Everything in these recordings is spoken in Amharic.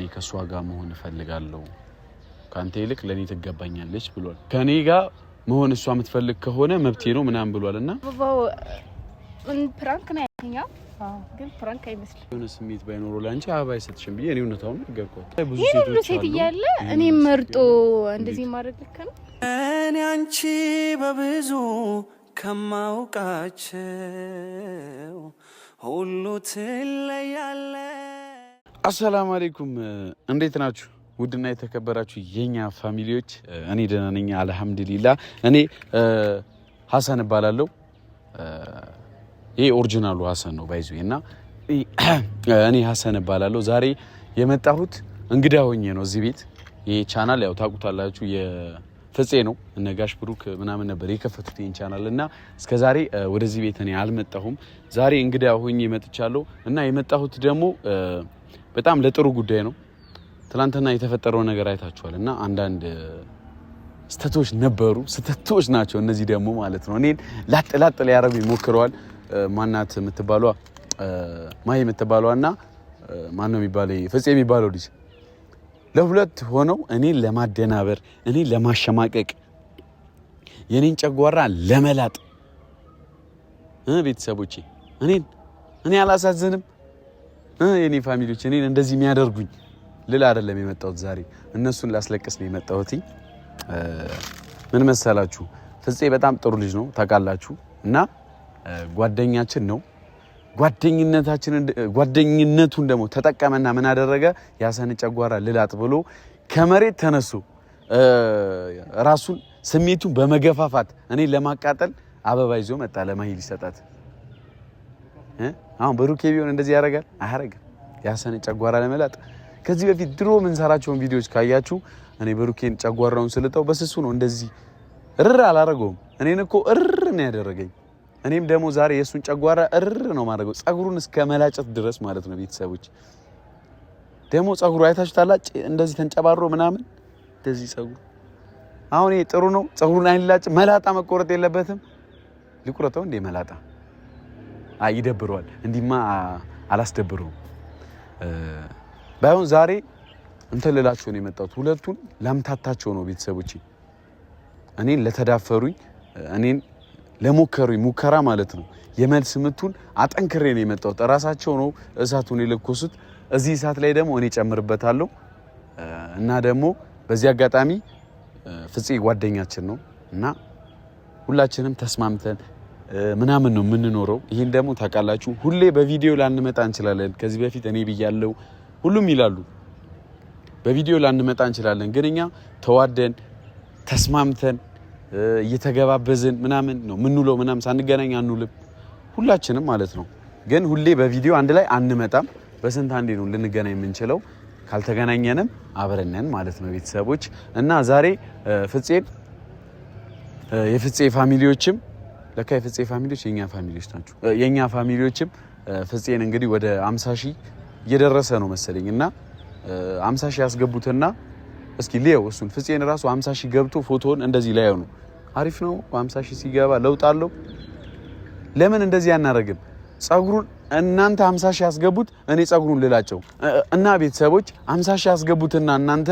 እኔ ከእሷ ጋር መሆን እፈልጋለሁ፣ ከአንተ ይልቅ ለእኔ ትገባኛለች ብሏል። ከእኔ ጋር መሆን እሷ የምትፈልግ ከሆነ መብቴ ነው ምናምን ብሏል እና ፕራንክ ነው ያኛው ግን ፕራንክ አይመስልም። የሆነ ስሜት ባይኖረው ለአንቺ አበባ አይሰጥሽም ብዬ እኔ እውነታውን ነገርኳት። ይህ ሁሉ ሴት እያለ እኔ መርጦ እንደዚህ ማድረግ ልክ ነው? እኔ አንቺ በብዙ ከማውቃቸው ሁሉ ትለያለ አሰላሙ አሌይኩም እንዴት ናችሁ? ውድና የተከበራችሁ የኛ ፋሚሊዎች፣ እኔ ደህና ነኝ አልሐምዱሊላ። እኔ ሀሰን እባላለሁ። ይሄ ኦሪጂናሉ ሀሰን ነው ባይዙ እና እኔ ሀሰን እባላለሁ። ዛሬ የመጣሁት እንግዳ ሆኜ ነው እዚህ ቤት። ይህ ቻናል ያው ታውቁታላችሁ ፍፄ ነው እነጋሽ ብሩክ ምናምን ነበር የከፈቱት ይህን ቻናል እና እስከ ዛሬ ወደዚህ ቤት እኔ አልመጣሁም። ዛሬ እንግዳ ሆኜ መጥቻለሁ እና የመጣሁት ደግሞ በጣም ለጥሩ ጉዳይ ነው። ትናንትና የተፈጠረው ነገር አይታችኋል እና አንዳንድ ስተቶች ነበሩ። ስተቶች ናቸው እነዚህ ደግሞ ማለት ነው። እኔን ላጥ ላጥ ሊያረጉ ይሞክረዋል። ማናት የምትባሏ ማይ የምትባሏ እና ማን ነው የሚባለው ፍፄ የሚባለው ልጅ ለሁለት ሆነው እኔን ለማደናበር እኔን ለማሸማቀቅ የኔን ጨጓራ ለመላጥ ቤተሰቦቼ እኔን እኔ አላሳዝንም የኔ ፋሚሊዎች እኔን እንደዚህ የሚያደርጉኝ ልል አይደለም የመጣሁት ዛሬ እነሱን ላስለቅስ ነው የመጣሁት። ምን መሰላችሁ ፍፄ በጣም ጥሩ ልጅ ነው ታውቃላችሁ፣ እና ጓደኛችን ነው። ጓደኝነቱን ደግሞ ተጠቀመና ምን አደረገ? ያሰን ጨጓራ ልላጥ ብሎ ከመሬት ተነሶ ራሱን ስሜቱን በመገፋፋት እኔ ለማቃጠል አበባ ይዞ መጣ ለማሂ ሊሰጣት አሁን በሩኬ ቢሆን እንደዚህ ያደርጋል አያረግም። ያሰነ ጨጓራ ለመላጥ ከዚህ በፊት ድሮ የምንሰራቸውን ቪዲዮዎች ካያችሁ እኔ ብሩኬን ጨጓራውን ስልጠው በስሱ ነው እንደዚህ እርር አላረገውም። እኔን እኮ እርር ነው ያደረገኝ። እኔም ደግሞ ዛሬ የእሱን ጨጓራ እርር ነው ማድረገው፣ ጸጉሩን እስከ መላጨት ድረስ ማለት ነው። ቤተሰቦች ደግሞ ጸጉሩ ታላጭ እንደዚህ ተንጨባሮ ምናምን እንደዚህ ጸጉሩ። አሁን ጥሩ ነው። ጸጉሩን አይላጭ፣ መላጣ መቆረጥ የለበትም። ሊቁረጠው እንዴ መላጣ ይደብረዋል። እንዲማ አላስደብረውም። ባይሆን ዛሬ እንትን ልላቸው ነው የመጣሁት። ሁለቱን ላምታታቸው ነው ቤተሰቦች እኔን ለተዳፈሩኝ፣ እኔን ለሞከሩኝ ሙከራ ማለት ነው። የመልስ ምቱን አጠንክሬ ነው የመጣሁት። እራሳቸው ነው እሳቱን የለኮሱት። እዚህ እሳት ላይ ደግሞ እኔ ጨምርበታለሁ እና ደግሞ በዚህ አጋጣሚ ፍፄ ጓደኛችን ነው እና ሁላችንም ተስማምተን ምናምን ነው የምንኖረው። ይህን ደግሞ ታውቃላችሁ። ሁሌ በቪዲዮ ላንመጣ እንችላለን። ከዚህ በፊት እኔ ብያለው፣ ሁሉም ይላሉ በቪዲዮ ላንመጣ እንችላለን። ግን እኛ ተዋደን ተስማምተን እየተገባበዝን ምናምን ነው ምንውለው። ምናምን ሳንገናኝ አንውልም ሁላችንም ማለት ነው። ግን ሁሌ በቪዲዮ አንድ ላይ አንመጣም። በስንት አንዴ ነው ልንገናኝ የምንችለው። ካልተገናኘንም አብረነን ማለት ነው ቤተሰቦች እና ዛሬ ፍፄን የፍፄ ፋሚሊዎችም ለካ የፍፄ ፋሚሊዎች የኛ ፋሚሊዎች ናቸው። የኛ ፋሚሊዎችም ፍፄን እንግዲህ ወደ አምሳ ሺህ እየደረሰ ነው መሰለኝ እና አምሳ ሺህ ያስገቡትና እስኪ ሊየው እሱን ፍፄን ራሱ አምሳ ሺህ ገብቶ ፎቶውን እንደዚህ ላየው ነው። አሪፍ ነው አምሳ ሺህ ሲገባ ለውጥ አለው። ለምን እንደዚህ አናደርግም? ጸጉሩን እናንተ አምሳ ሺህ ያስገቡት እኔ ጸጉሩን ልላቸው እና ቤተሰቦች አምሳ ሺህ ያስገቡትና እናንተ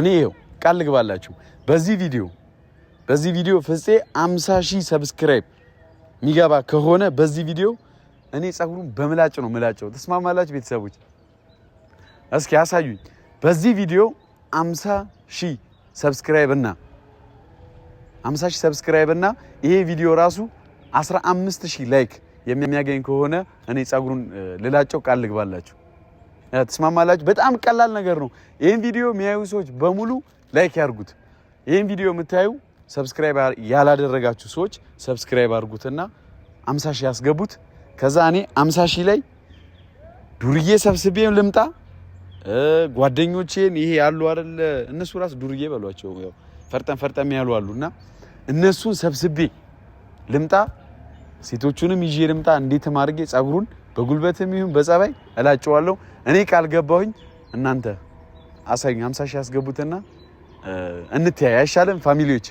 እኔ ይኸው ቃል ልግባላችሁ በዚህ ቪዲዮ በዚህ ቪዲዮ ፍፄ 50 ሺህ ሰብስክራይብ የሚገባ ከሆነ በዚህ ቪዲዮ እኔ ጸጉሩን በምላጭ ነው ምላጨው። ተስማማላችሁ ቤተሰቦች? እስኪ ያሳዩኝ። በዚህ ቪዲዮ 50 ሺህ ሰብስክራይብ እና 50 ሺህ ሰብስክራይብ እና ይሄ ቪዲዮ ራሱ 15 ሺህ ላይክ የሚያገኝ ከሆነ እኔ ጸጉሩን ልላጨው ቃል ልግባላችሁ። ተስማማላችሁ? በጣም ቀላል ነገር ነው። ይህን ቪዲዮ የሚያዩ ሰዎች በሙሉ ላይክ ያርጉት። ይህን ቪዲዮ የምታዩ ሰብስክራይብ ያላደረጋችሁ ሰዎች ሰብስክራይብ አድርጉትና አምሳ ሺህ ያስገቡት። ከዛ እኔ አምሳ ሺህ ላይ ዱርዬ ሰብስቤም ልምጣ። ጓደኞቼን ይሄ ያሉ አይደለ እነሱ ራስ ዱርዬ በሏቸው፣ ያው ፈርጠም ፈርጠም ያሉ አሉና እነሱን ሰብስቤ ልምጣ። ሴቶቹንም ይዤ ልምጣ። እንዴትም አድርጌ ጸጉሩን በጉልበትም ይሁን በጸባይ እላጨዋለሁ። እኔ ቃል ገባሁኝ። እናንተ አሳዩኝ። 50 ሺህ ያስገቡትና እንተያይ አይሻልም ፋሚሊዎች?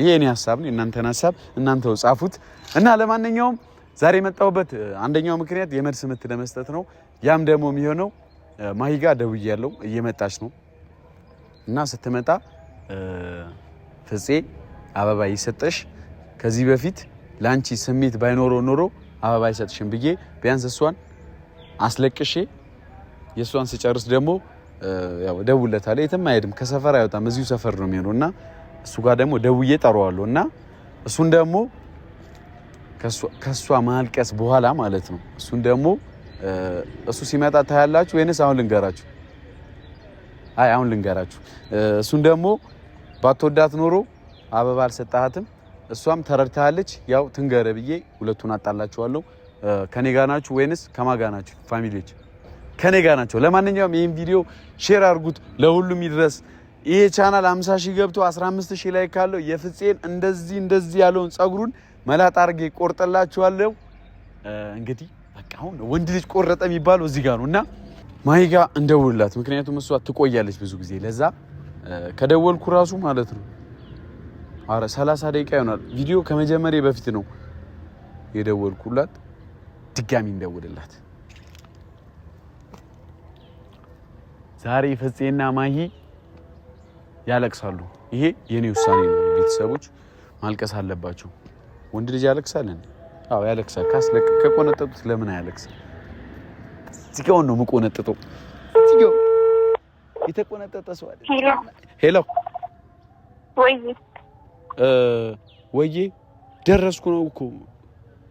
ይሄ እኔ ሀሳብ ነው። እናንተን ሀሳብ እናንተው ጻፉት እና ለማንኛውም ዛሬ የመጣሁበት አንደኛው ምክንያት የመልስ ምት ለመስጠት ነው። ያም ደግሞ የሚሆነው ማሂጋ ደውያለሁ፣ እየመጣች ነው እና ስትመጣ ፍፄ አበባ ይሰጠሽ። ከዚህ በፊት ለአንቺ ስሜት ባይኖሮ ኖሮ አበባ አይሰጥሽም ብዬ ቢያንስ እሷን አስለቅሼ የእሷን ስጨርስ ደግሞ ደውለታለሁ። የትም አይሄድም፣ ከሰፈር አይወጣም፣ እዚሁ ሰፈር ነው የሚሆነው እና እሱ ጋር ደግሞ ደውዬ ጠረዋለሁ እና እሱን ደግሞ ከእሷ ማልቀስ በኋላ ማለት ነው። እሱን ደግሞ እሱ ሲመጣ ታያላችሁ ወይንስ አሁን ልንገራችሁ? አይ አሁን ልንገራችሁ። እሱን ደግሞ ባትወዳት ኖሮ አበባ አልሰጣሃትም፣ እሷም ተረድታለች። ያው ትንገረ ብዬ ሁለቱን አጣላችኋለሁ። ከኔ ጋር ናችሁ ወይንስ ከማ ጋር ናችሁ? ፋሚሊዎች ከኔ ጋር ናቸው። ለማንኛውም ይህን ቪዲዮ ሼር አድርጉት፣ ለሁሉም ይድረስ። ይሄ ቻናል 50 ሺህ ገብቶ 15 ሺህ ላይ ካለው የፍፄን እንደዚህ እንደዚህ ያለውን ጸጉሩን መላጥ አድርጌ ቆርጠላችኋለሁ። እንግዲህ በቃ አሁን ወንድ ልጅ ቆረጠ የሚባለው እዚህ ጋር ነው እና ማይጋ እንደውልላት፣ ምክንያቱም እሷ ትቆያለች ብዙ ጊዜ። ለዛ ከደወልኩ ራሱ ማለት ነው አረ 30 ደቂቃ ይሆናል። ቪዲዮ ከመጀመሪያ በፊት ነው የደወልኩላት። ድጋሚ እንደውልላት ዛሬ ፍፄና ማሂ ያለቅሳሉ። ይሄ የኔ ውሳኔ ነው። ቤተሰቦች ማልቀስ አለባቸው። ወንድ ልጅ ያለቅሳል እንዴ? አዎ ያለቅሳል። ካስለቅ ከቆነጠጡት ለምን አያለቅስ? እዚጋውን ነው የምቆነጥጠው። እዚጋው የተቆነጠጠ ሰው አለ። ሄሎ ወይዬ፣ ወይዬ ደረስኩ ነው እኮ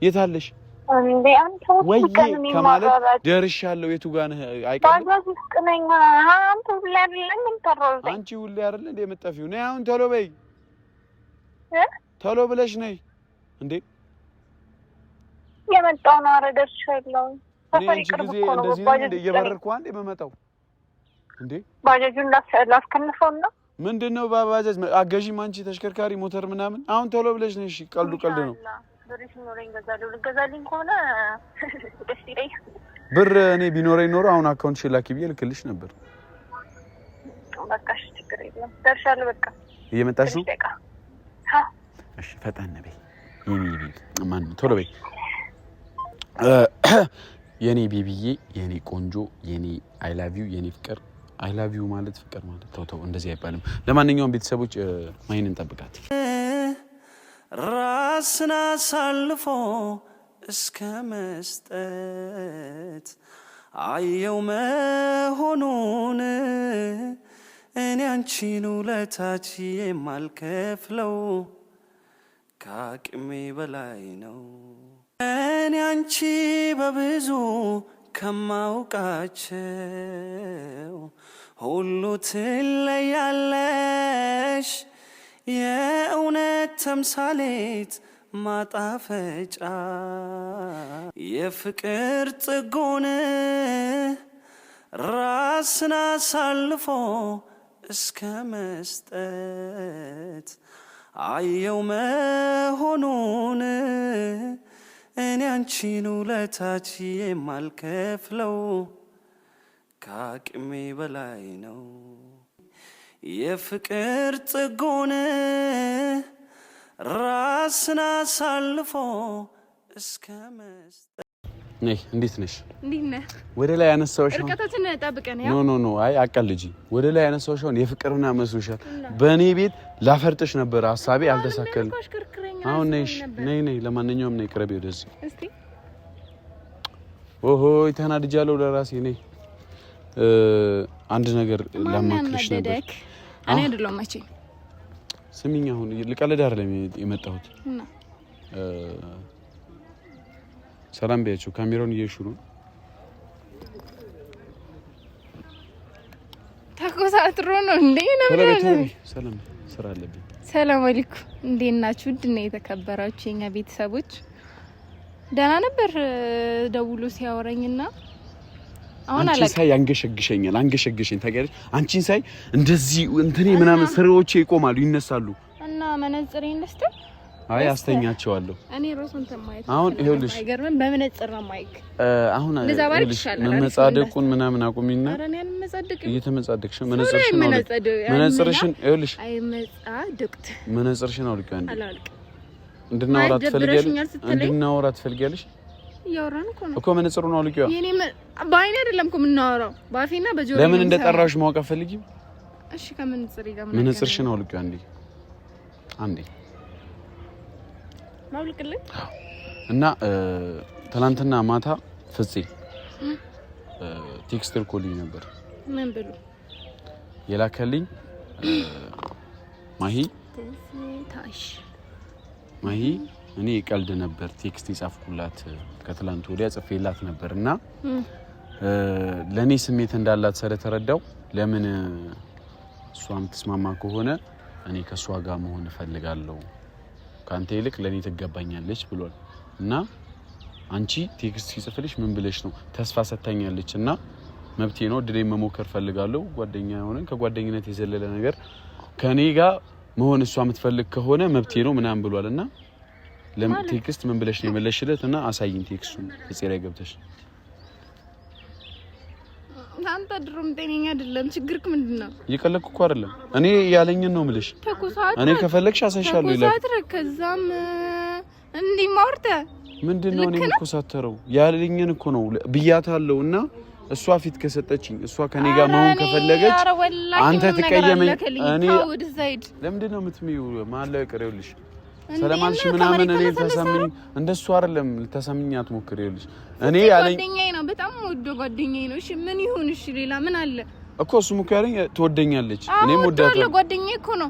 የታለሽ? ወይ ከማለት ደርሻለሁ። የቱ ጋር ነህ? አይቀርም አንቺ ሁሌ አይደለ እንደ የምጠፊው ነይ። አሁን ቶሎ በይ፣ ቶሎ ብለሽ ነይ። እንዴ የመጣው ነው። ኧረ ደርሻለሁ። እኔ ጊዜ እንደዚህ ነው እንደ እየበረርኩ አንዴ የምመጣው እንዴ ባጃጁን ላስከንፈው ነው ምንድን ነው? ባባጃጅ አገዢም አንቺ ተሽከርካሪ ሞተር ምናምን። አሁን ቶሎ ብለሽ ነሽ እሺ ቀልዱ ቀልድ ነው። ብሬሽ ኖረኝ ገዛለሁ። ልገዛልኝ ከሆነ ደስ ይለኛል። ብር እኔ ቢኖረኝ ኖሮ አሁን አካውንት ሽላኪ ብዬ ልክልሽ ነበር። በቃሽ፣ ችግር የለም ደርሻለሁ። በቃ እየመጣሽ ነው። እሺ፣ ፈጠን በይ የኔ ቤቢ። ማን ቶሎ በይ የኔ ቤቢዬ፣ የኔ ቆንጆ፣ የኔ አይ ላቭ ዩ፣ የኔ ፍቅር አይ ላቭ ዩ ማለት ፍቅር ማለት ተው ተው፣ እንደዚህ አይባልም። ለማንኛውም ቤተሰቦች ማይን እንጠብቃት። ራስን አሳልፎ እስከ መስጠት አየው መሆኑን እኔ አንቺን ውለታች የማልከፍለው ከአቅሜ በላይ ነው። እኔ አንቺ በብዙ ከማውቃቸው ሁሉ ትለያለሽ። የእውነት ተምሳሌት ማጣፈጫ የፍቅር ጥጎን ራስን አሳልፎ እስከ መስጠት አየው መሆኑን እኔ አንቺን ውለታች የማልከፍለው ከአቅሜ በላይ ነው። የፍቅር ጥጉን ራስን አሳልፎ እስከ መስጠት። እንዴት ነሽ? ወደ ላይ ያነሳሁሽ ርቀቶችን ጠብቀን ኖ ኖ ኖ አይ አቀልጂ ወደ ላይ ያነሳሁሽ አሁን የፍቅርና መስሎሻል። በእኔ ቤት ላፈርጥሽ ነበር ሀሳቤ አልተሳከልም። አሁን ነሽ ነይ ነይ፣ ለማንኛውም ነይ ቅረቤ ወደዚህ። ኦሆ ተናድጃለሁ ለራሴ ነይ። አንድ ነገር ላማክርሽ ነበር እኔ አይደለሁም መቼም። ስሚኝ፣ አሁን ልቀልድ አይደለም የመጣሁት። ሰላም በያቸው። ካሜራውን እየሹ ነው። ተኮሳትሮ ነው እንዴ? ሰላም ስራ አለብኝ። ሰላም አለይኩም። እንዴት ናችሁ? ውድና የተከበራችሁ የኛ ቤተሰቦች፣ ደህና ነበር ደውሎ ሲያወራኝና አንቺን ሳይ ያንገሸግሸኛል። አንገሸግሸኝ ታገርሽ። አንቺ ሳይ እንደዚህ እንትኔ ምናምን ስራዎቼ ይቆማሉ፣ ይነሳሉ። እና መነጽር ይነስተ አይ አስተኛቸዋለሁ። እኔ ራሱን ተማይት አሁን ይኸውልሽ፣ አይገርምም? በመነጽር ነው ማይክ አሁን ለዛ ይሻላል። መመጻደቁን ምናምን አቁሚና፣ አረ እየተመጻደቅሽ ነው መነጽርሽን ይኸውልሽ፣ አይ መጻደቅት መነጽርሽን አውልቂ። አንዴ እንድናወራ ትፈልጊያለሽ? እንድናወራ ትፈልጊያለሽ? እያወራን እኮ ነው እኮ መነጽሩን አውልቂዋ። በአይኔ አይደለም እኮ የምናወራው በአፌና በጆሮ። ለምን እንደጠራሽ ማወቅ አፈልጊም? እሺ ከምን ጽሪ ጋር ምን ጽርሽ ነው ልቅ አንዴ አንዴ ማውልቅልኝ እና ትናንትና ማታ ፍፄ ቴክስት ልኮልኝ ነበር። ምን ብሎ የላከልኝ? ማሂ ታሽ ማሂ እኔ ቀልድ ነበር ቴክስት የጻፍኩላት ከትላንት ወዲያ ጽፌላት ነበር እና ለእኔ ስሜት እንዳላት ስለተረዳው ለምን እሷ የምትስማማ ከሆነ እኔ ከእሷ ጋር መሆን እፈልጋለሁ፣ ከአንተ ይልቅ ለእኔ ትገባኛለች ብሏል እና አንቺ ቴክስት ሲጽፍልሽ ምን ብለሽ ነው? ተስፋ ሰጥታኛለች እና መብቴ ነው ድሬ መሞከር ፈልጋለሁ። ጓደኛ ሆነን ከጓደኝነት የዘለለ ነገር ከእኔ ጋር መሆን እሷ የምትፈልግ ከሆነ መብቴ ነው ምናምን ብሏል እና ቴክስት ምን ብለሽ ነው የመለሽለት እና አሳይኝ ቴክስቱን እጽ ላይ ገብተሽ አንተ ድሮም ጤነኛ አይደለም። ችግርክ ምንድን ነው? እየቀለድኩ እኮ አይደለም። እኔ ያለኝን ነው የምልሽ። ተኩሳት እኔ ከፈለግሽ አሳይሻለሁ ይላል። ተኩሳት ከዛም እንዲህ ማውርተ ምንድን ነው? እኔ የምኮሳተረው ያለኝን እኮ ነው ብያታለሁ እና እሷ ፊት ከሰጠችኝ እሷ ከኔ ጋር መሆን ከፈለገች አንተ ትቀየመኝ። እኔ ለምንድን ነው የምትመጪው? መሀል ላይ ቀረሁልሽ ሰለማንሽ ምናምን እኔ ተሰምኝ እንደሱ አይደለም። ልታሳምኝ አትሞክር። ይኸውልሽ እኔ ያለኝ ጓደኛዬ ነው፣ በጣም ወዶ ጓደኛዬ ነው። እሺ ምን ይሁን? እሺ ሌላ ምን አለ እኮ እሱ እኮ ያለኝ ትወደኛለች፣ እኔም ወዳታለሁ። ጓደኛዬ እኮ ነው።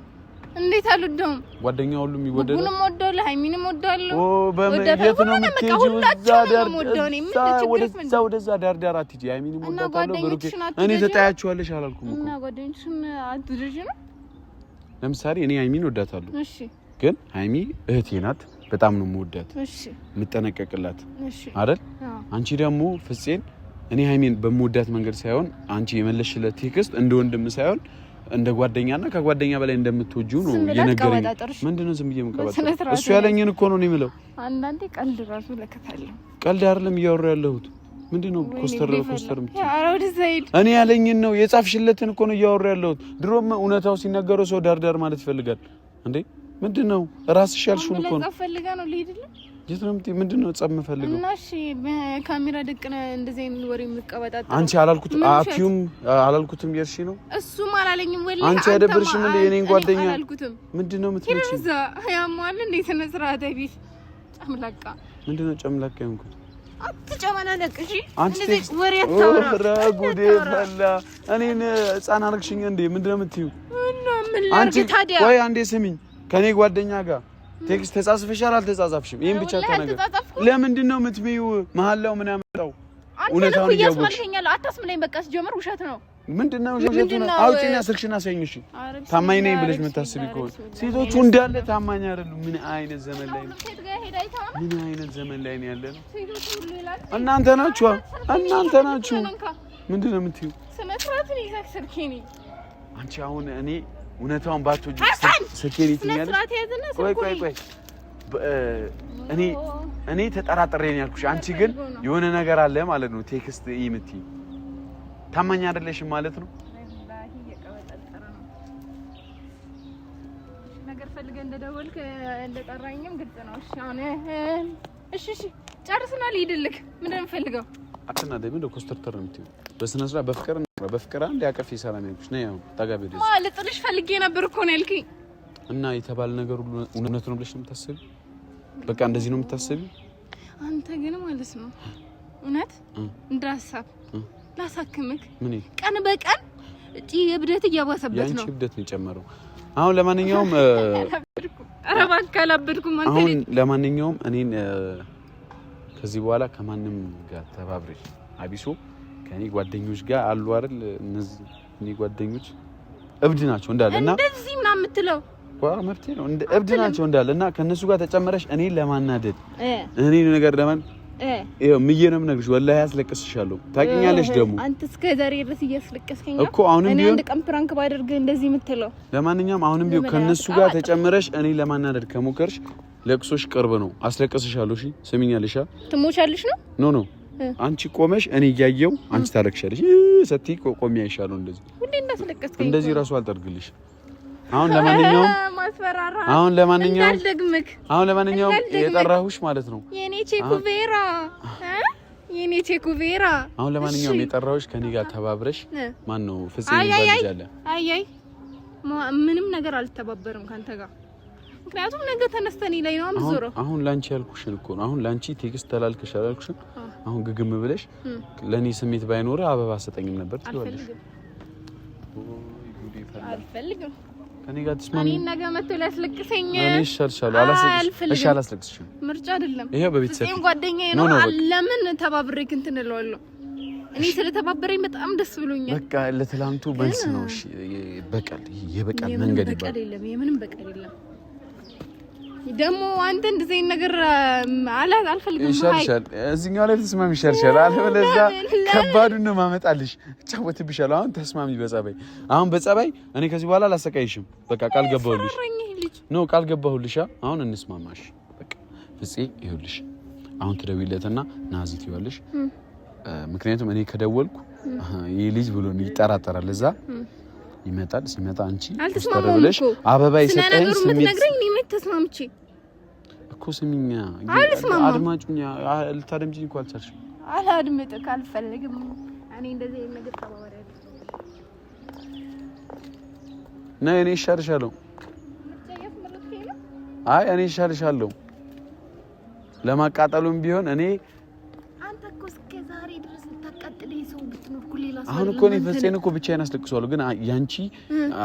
እንዴት አልወደውም? ጓደኛ ሁሉ የሚወደደ ሁሉም ወደውልህ፣ ሃይሚንም ወደዋለሁ። የት ነው የምትሄጂው? ወደዛ ወደዛ ዳር ዳር አትሄጂ። ሃይሚንም ወዳታለሁ። ብሩኬ እኔ ተጣያችኋለሽ አላልኩም እኮ እና ጓደኞችሽን አትድርጅ ነው። ለምሳሌ እኔ ሃይሚን ወዳታለሁ። እሺ ግን ሀይሚ እህቴ ናት። በጣም ነው የምወዳት የምጠነቀቅላት አይደል? አንቺ ደግሞ ፍፄን እኔ ሀይሜን በምወዳት መንገድ ሳይሆን አንቺ የመለሽለት ቴክስት እንደ ወንድም ሳይሆን እንደ ጓደኛና ከጓደኛ በላይ እንደምትወጁ ነው የነገረኝ። ምንድነው ዝም ብዬ የምቀባጠር? እሱ ያለኝን እኮ ነው የምለው። አንዳንዴ ቀልድ ራሱ ለከታለሁ። ቀልድ አይደለም እያወሩ ያለሁት ምንድነው ኮስተር ኮስተር እኔ ያለኝን ነው የጻፍሽለትን እኮ ነው እያወሩ ያለሁት። ድሮም እውነታው ሲነገረው ሰው ዳርዳር ማለት ይፈልጋል እንዴ ምንድን ነው ራስሽ ያልሽውን እኮ ነው። ፈልጋ ነው ልሄድልህ። የት ነው ምንድን ነው ጸብ የምፈልገው? እና እሺ በካሜራ ደቅነ እንደዚህ አይነት ወሬ የምትቀበጣጥረው አንቺ አላልኩትም። አትዩም አላልኩትም። የእርሺ ነው እሱም አላለኝም። ወላሂ አንቺ አይደብርሽም እንደ የእኔን ጓደኛ አላልኩትም። ምንድን ነው የምትመጪው? ይርዛ እንዴ? ስነ ስርዓት አይቢሽ ጨምላቃ። ምንድን ነው ጨምላቃ የሆንኩት? አትጨመላለቅ። እሺ ወሬ አታውራ። ጉዴ ፈላ። እኔን ህፃን እንዴ? ምንድን ነው የምትይው? ታዲያ? ወይ አንዴ ስሚኝ ከኔ ጓደኛ ጋር ቴክስት ተጻጽፈሻል አልተጻጻፍሽም? ይሄን ብቻ ተነገር። ለምንድን ነው የምትበይው? መሀላው ምን ያመጣው? እውነታውን እያስመልከኛል። አታስምለኝ። በቃ ሲጀምር ውሸት ነው። ምንድን ነው ውሸት ነው? አውጪኛ ስልክሽና ሰኝ። ታማኝ ነኝ ብለሽ የምታስቢ ከሆነ ሴቶቹ እንዳለ ታማኝ አይደሉ። ምን አይነት ዘመን ላይ ነው? ምን አይነት ዘመን ላይ ነው ያለ ነው? እናንተ ናችሁ እናንተ ናችሁ። ምንድን ነው የምትይው? ስመ ስርዓቱን ይዘህ ስልኬ ነኝ አንቺ አሁን እኔ እውነቷን ባትወጂ ሴኪሪቲ እኔ እኔ ተጠራጥሬ ነው ያልኩሽ። አንቺ ግን የሆነ ነገር አለ ማለት ነው። ቴክስት የምትይኝ ታማኝ አይደለሽም ማለት ነው። ነገር ፈልገህ እንደደወልክ እንደጠራኝም ግልጽ ነው። እሺ አሁን እሺ፣ እሺ ጨርስናል። ይድልክ ምንድን ነው የምፈልገው? አትናደኝ። በስነ ስርዓት በፍቅር በፍቅር አንድ ያቀፍ የሰላም ያልኩሽ ነው። ያው ጠገብ ሄደሽ ማለት ጥልሽ ፈልጌ ነበር እኮ ነው ያልከኝ። እና የተባለ ነገር ሁሉ እውነት ነው ብለሽ ነው የምታስቢ? በቃ እንደዚህ ነው የምታስቢ? አንተ ግን ማለት ነው እውነት እንደ ሀሳብ ላሳክምክ ምን ቀን በቀን እብደት እያባሰበት ነው። ያንቺ እብደት ነው የጨመረው። አሁን ለማንኛውም ኧረ እባክህ አላበድኩም። አሁን ለማንኛውም እኔን ከዚህ በኋላ ከማንም ጋር ተባብሬ አቢሶ ከኔ ጓደኞች ጋር አሉ አይደል? እነዚህ እኔ ጓደኞች እብድ ናቸው እንዳለ እና እንደዚህ ምናምን የምትለው መብቴ ነው። እንደ እብድ ናቸው እንዳለ እና ከእነሱ ጋር ተጨመረሽ እኔ ለማናደድ እኔ ነገር ለማን ይሄ ምዬ ነው የምነግርሽ፣ ወላሂ ያስለቅስሻለሁ። ታውቂኛለሽ ደግሞ አንተ እስከ ዛሬ ድረስ እያስለቀስከኝ እኮ አሁንም ቢሆን አንድ ቀን ፕራንክ ባደርግ እንደዚህ የምትለው። ለማንኛውም አሁንም ቢሆን ከእነሱ ጋር ተጨምረሽ እኔ ለማናደድ ከሞከርሽ ለቅሶሽ ቅርብ ነው፣ አስለቅስሻለሁ። እሺ ስሚኛለሽ፣ ትሞቻለሽ ነው ኖ ኖ አንቺ ቆመሽ እኔ እያየው አንቺ ታለቅሻለሽ። ሰቲ ቆሚ አይሻለሁ። እንደዚህ እንደዚህ ራሱ አልጠርግልሽ። አሁን ለማንኛውም አሁን ለማንኛውም አሁን ለማንኛውም የጠራሁሽ ማለት ነው የኔ ቼኩቬራ የኔ ቼኩቬራ። አሁን ለማንኛውም የጠራሁሽ ከኔ ጋር ተባብረሽ ማን ነው ፍጽም ይባላል። አይ አይ ምንም ነገር አልተባበርም ካንተ ጋር ምክንያቱም ነገ ተነስተን እኔ ላይ ነው የምትዞረው። አሁን ላንቺ ያልኩሽን እኮ ነው። አሁን ላንቺ ቴክስት ተላልከሽ አላልኩሽ? አሁን ግግም ብለሽ ለእኔ ስሜት ባይኖር አበባ ሰጠኝም ነበር ትለዋለሽ። አልፈልግም ከኔ ጋር ተስማሚ። እኔ ነገ መጥቶ ሊያስለቅሰኝ እሺ፣ አላስለቅስሽም። ምርጫ አይደለም ይሄ። በቤተሰብ ጓደኛዬ ነው። አለምን ተባብሬ እንትን እለዋለሁ እኔ ስለተባበረኝ በጣም ደስ ብሎኛል። በቃ ለትላንቱ መልስ ነው። እሺ፣ በቀል የበቀል መንገድ ይባል በቀል የምንም በቀል የለም። ደግሞ አንተ እንደዚህ ነገር አላት አልፈልግም። ይሻልሻል፣ እዚህኛው ላይ ተስማሚ ይሻልሻል። አለበለዚያ ከባዱን ነው ማመጣልሽ። እጫወትብሻለሁ። አሁን ተስማሚ በጸባይ አሁን በጸባይ እኔ ከዚህ በኋላ አላሰቃይሽም። በቃ ቃል ገባሁልሽ። ነው ቃል ገባሁልሽ። አሁን እንስማማሽ። በቃ ፍፄ ይኸውልሽ፣ አሁን ትደውይለትና ናዚት ይኸውልሽ፣ ምክንያቱም እኔ ከደወልኩ ይህ ልጅ ብሎ ይጠራጠራል እዛ ይመጣል። ሲመጣ አንቺ አልተስማማም አበባ የሰጠኝ ስነግረኝ እኔ ተስማምቼ እኮ ስሚኛ፣ አድማጩኛ ልታደምጪኝ እኮ አልቻልሽም። አላድምጥህ አልፈልግም። እኔ እንደዚህ አይነት ነገር ተባባሪ ና እኔ ይሻልሻለሁ። አይ እኔ ይሻልሻለሁ። ለማቃጠሉም ቢሆን እኔ አሁን እኮ እኔ ፍፄን እኮ ብቻዬን አስለቅሰዋለሁ። ግን ያንቺ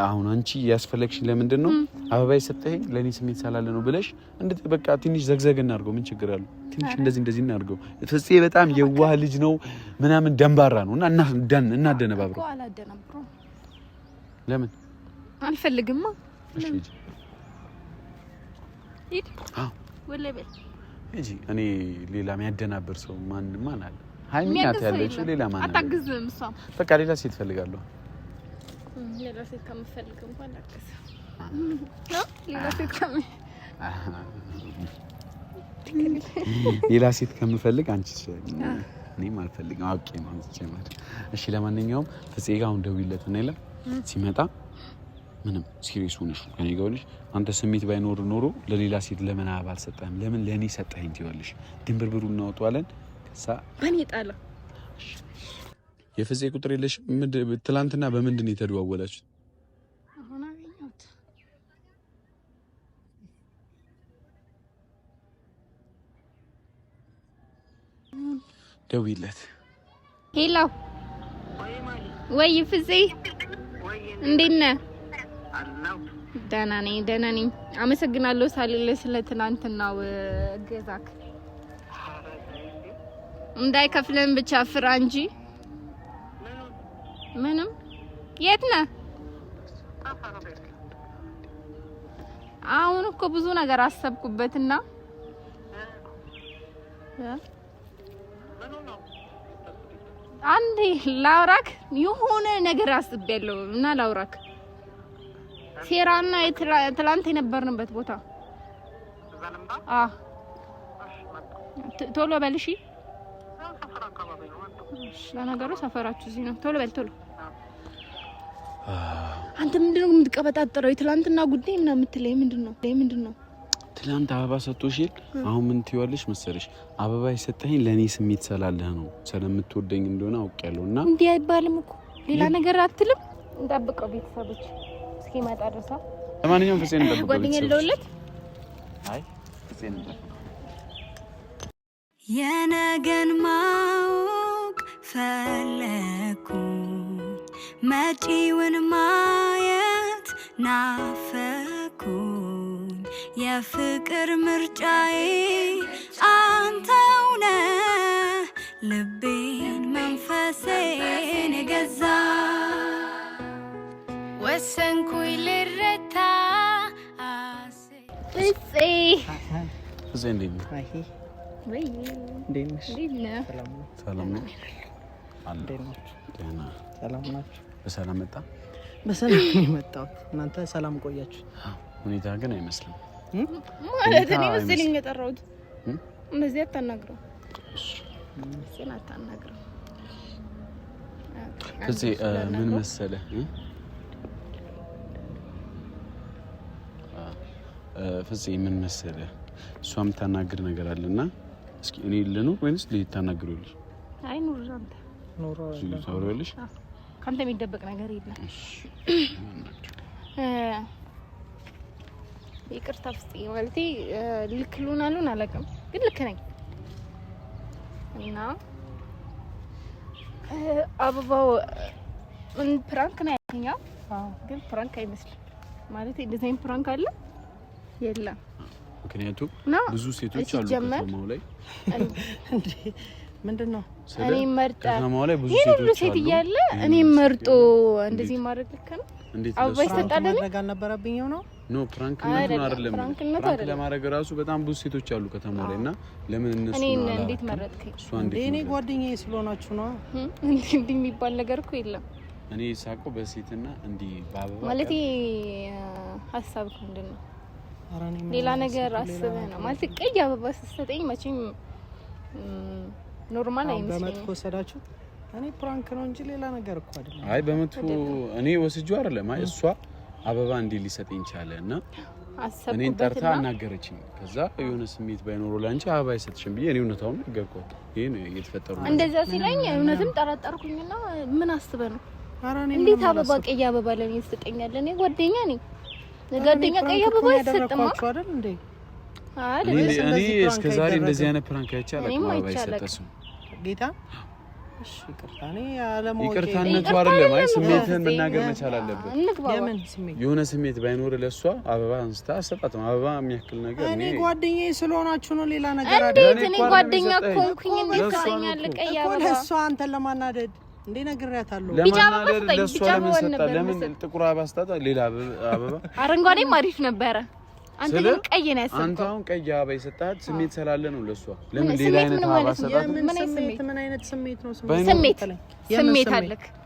አሁን አንቺ ያስፈለግሽ ለምንድን ነው አበባ የሰጠኸኝ ለእኔ ስሜት ሳላለ ነው ብለሽ እንደ በቃ ትንሽ ዘግዘግ እናድርገው። ምን ችግር አለው? ትንሽ እንደዚህ እንደዚህ እናድርገው። ፍፄ በጣም የዋህ ልጅ ነው ምናምን ደንባራ ነው እና እናደነባብረው። ለምን አልፈልግማ እንጂ እኔ ሌላ የሚያደናብር ሰው ማን ማን አለ? ሀይሚ ናት ሌላ ማን አታግዝም። እሷ በቃ ሌላ ሴት ፈልጋለሁ። ሌላ ሴት ከምፈልግ እንኳን አታግዝ ሌላ ሴት ከምፈልግ አንቺ እኔም አልፈልግም። አውቄ ነው። እሺ፣ ለማንኛውም ፍፄ ጋ አሁን ደውይለት እና ሲመጣ ምንም ሲሪየስ ሆነሽ ከኔ ጋር አንተ ስሜት ባይኖር ኖሮ ለሌላ ሴት ለምን አበባ አልሰጠህም? ለምን ለእኔ ሰጠኝ? ትይዋለሽ። ድንብርብሩ እናወጣዋለን። ከሳ እኔ ጣላ የፍፄ ቁጥር የለሽ። ትናንትና በምንድን ነው የተደዋወላችሁት? ደውይለት። ሄሎ ወይ ፍዜ እንዴት ነህ? ደህና ነኝ፣ ደህና ነኝ። አመሰግናለሁ ሳልል ስለ ትናንትናው እገዛክ። እንዳይከፍለን ብቻ ፍራ እንጂ ምንም። የት ነህ? አሁን እኮ ብዙ ነገር አሰብኩበትና አንዴ ላውራክ የሆነ ነገር አስቤያለሁ እና ላውራክ ሴራና ትላንት የነበርንበት ቦታ ቶሎ በል እሺ። ለነገሩ ሰፈራችሁ እዚህ ነው። ቶሎ በል ቶሎ። አንተ ምንድነው ነው የምትቀበጣጠረው? የትላንትና ጉዳይ ምናምን የምትለኝ ምንድን ነው? ምንድን ነው ትላንት አበባ ሰጥቶሽ ይል አሁን ምን ትይዋለሽ መሰለሽ? አበባ የሰጠኸኝ ለእኔ ስሜት ስላለህ ነው ስለምትወደኝ እንደሆነ አውቄያለሁ። እና እንዲህ አይባልም እኮ ሌላ ነገር አትልም። እንጠብቀው ቤተሰቦች እስኪመጣ ድረስ ለማንኛውም ፍፄን እንጠብቀው። ጓደኛ ልደውልለት። አይ ፍፄን እንጠብቀው። የነገን ማወቅ ፈለኩ፣ መጪውን ማየት ናፈኩ የፍቅር ምርጫዬ አንተው ነህ፣ ልቤን መንፈሴን ገዛ ወሰንኩኝ ልረታ። በሰላም መጣ በሰላም የመጣሁት። እናንተ ሰላም ቆያችሁ? ሁኔታ ግን አይመስልም ማለት እኔ መሰለኝ የጠራሁት። እንደዚህ አታናግረው፣ አታናግረው። ምን መሰለህ ፍፄ ምን መሰለ እሷ የምታናግር ነገር አለና እስኪ እኔ ልኑር ወይንስ ልሂድ? ታናግሪያለሽ? አይ ኑር፣ አንተ የሚደበቅ ነገር የለም። ይቅርታ ፍፄ፣ ማለቴ ልክ ልሆን አልሆን አላውቅም፣ ግን ልክ ነኝ እና አበባው ፕራንክ ነው ያልከኝ፣ ግን ፕራንክ አይመስልም። ማለቴ እንደዚያ ፕራንክ አለ የለም። ምክንያቱም ብዙ ሴቶች አሉ ከተማው ላይ እኔ መርጦ እንደዚህ ራሱ በጣም ብዙ ሴቶች አሉ ከተማ ላይ እና ለምን እነሱ እኔ ጓደኛዬ ስለሆናችሁ ነው። እንዴ እንዴ የሚባል ነገር እኮ የለም። እኔ ሳቆ በሴትና እንዲህ በአበባ ማለት ሀሳብ ምንድን ነው ሌላ ነገር አስበህ ነው ማለት ቀይ አበባ ስትሰጠኝ መቼም ኖርማል አይመስለኝም። በመጥፎ ወሰዳችሁ? እኔ ፕራንክ ነው እንጂ ሌላ ነገር እኮ አይደለም። አይ በመጥፎ እኔ ወስጁ አይደለም። አይ እሷ አበባ እንዴት ሊሰጠኝ ቻለ? እና እኔን ጠርታ አናገረችኝ። ከዛ የሆነ ስሜት ባይኖረው ላንቺ አበባ አይሰጥሽም ብዬ እኔ እውነታውን ነገርኳት። ይሄ ነው እየተፈጠሩ እንደዛ ሲለኝ እውነትም ጠራጠርኩኝና ምን አስበህ ነው? እንዴት አበባ ቀይ አበባ ለኔ ትሰጠኛለህ? እኔ ጓደኛ ነኝ ጓደኛ ቀይ አበባ አይሰጥም አይደል እንዴ? እኔ እስከ ዛሬ እንደዚህ አይነት ፕራንክ ይቅርታነቱ አይደለም፣ አይ ስሜትህን መናገር መቻል አለብን። የሆነ ስሜት ባይኖር ለእሷ አበባ አንስታ አሰጣትም። አበባ የሚያክል ነገር እኔ ጓደኛዬ ስለሆናችሁ ነው፣ ሌላ ነገር አይደለም። እኔ ጓደኛ እኮ እንዴት ትሰኛለህ? ቀይ አበባ ለእሷ አንተን ለማናደድ እንዴ ነግሬያታለሁ። ለምን አበባ ሌላ አበባ አረንጓዴም አሪፍ ነበረ። አንተ አሁን ቀይ አበባ የሰጣት ስሜት ስላለ ነው ለሷ። ለምን ሌላ አይነት አበባ ሰጣት? ምን አይነት ስሜት ነው? ስሜት ስሜት አለክ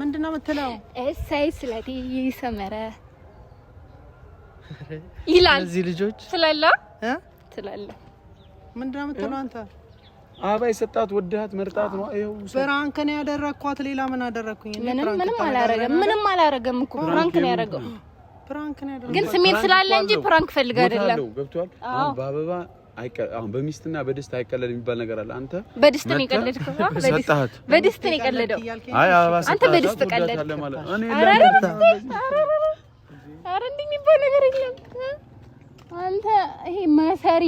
ምንድን ነው የምትለው? እሰይ ስለቴ ሰመረ ይላል። እዚህ ልጆች ምንድን ነው የምትለው አንተ? አበባ የሰጣት ወዳት መርጣት ነው። ይኸው ፍራንክ ነው ያደረኳት። ሌላ ምን አደረኩኝ? ምንም ምንም አላረገም። ምንም አላረገም እኮ ፍራንክ ነው ያደረገው። ያደረገው ግን ስሜት ስላለ እንጂ ፍራንክ ፈልጋ አይደለም። ገብቷል። አሁን በአበባ አሁን በሚስትና በድስት አይቀለድ የሚባል ነገር አለ። አንተ በድስት ነው የቀለድከው። በድስት ነው የቀለደው። አይ አበባ አንተ በድስት ቀለድክ። አረ እንዲህ የሚባል ነገር የለም። አንተ ይሄ መሰሪ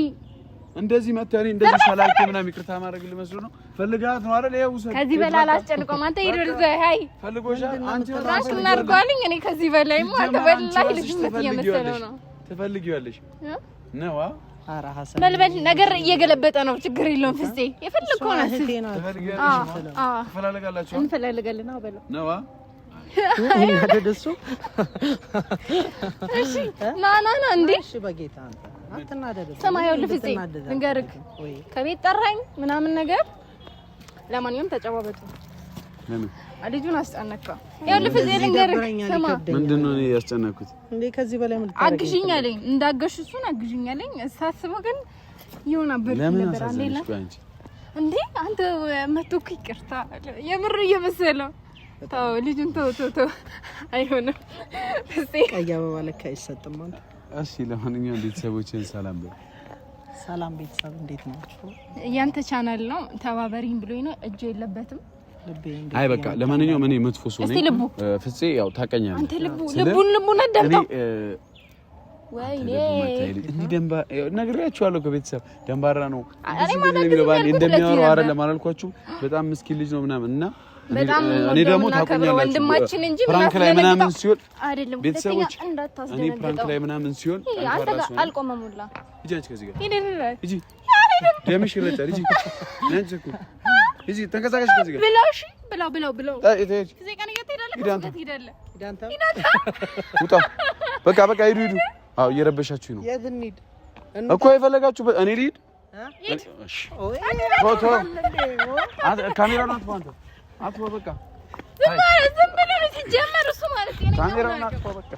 እንደዚህ መተሪ እንደዚህ ሰላልከ ምናምን ይቅርታ ማድረግ ልመስሉ ነው ፈልጋት ነው አይደል? ይሄው ሰው ከዚህ በላይ አላስጨንቀውም። አንተ ይደር ዘይ አይ ፈልጎሻል። አንቺ ራስ እናርጓልኝ። እኔ ከዚህ በላይ ማለት በላይ ልጅነት እየመሰለው ነው። ትፈልጊዋለሽ ነዋ መልበል ነገር እየገለበጠ ነው። ችግር የለውም። ፍስቴ የፈለግከውን እንፈላልጋለን። ና ና ና፣ እንዴ ስማ፣ ይኸውልህ ፍስቴ ንገርህ፣ ከቤት ጠራኝ ምናምን ነገር። ለማንኛውም ተጨባበጡ። ልጁን አስጨነቅካ። ያለፈ ጊዜ ልንገርህ፣ ምንድን ነው ያስጨነቅኩት? ከዚህ በላይ አግዥኝ አለኝ፣ እንዳገሽ እሱን አግዥኝ አለኝ። ሳስበው ግን ይሆን አበድ እንዴ አንተ መቶ እኮ ይቅርታ፣ የምር እየመሰለው ተው፣ ልጁን ተው፣ ተው፣ ተው፣ አይሆንም። ቀይ አበባ ለካ አይሰጥም። እሺ፣ ለማንኛውም ቤተሰቦችን ሰላም በል። ሰላም ቤተሰብ፣ እንዴት ናችሁ? ያንተ ቻናል ነው ተባበሪኝ ብሎኝ ነው እጁ የለበትም አይ በቃ ለማንኛውም እኔ መጥፎ ሰው ነኝ። ፍፄ ያው ታውቀኛለህ። አንተ ልቡ ልቡን ልቡን ከቤተሰብ ደንባራ ነው እንደሚያወራው አረ ለማላልኳችሁ በጣም ምስኪን ልጅ ነው ምናምን እና እኔ ደግሞ ታውቁኛላችሁ ፕራንክ ላይ ምናምን ሲሆን ቤተሰቦች እኔ ፕራንክ ላይ ምናምን ሲሆን አልቆመሙላ እዚህ ተንቀሳቀስ። ከዚህ ጋር ብላሽ ብላ ብላ ብላ ውጣ። በቃ በቃ ሂዱ ሂዱ። አዎ እየረበሻችሁ ነው እኮ የፈለጋችሁ። እኔ ልሂድ። ፎቶ ካሜራውን አጥፋ፣ አንተ አጥፋ። በቃ ዝም ብለህ ሲጀመር እሱ ማለት ነው። ካሜራውን አጥፋ በቃ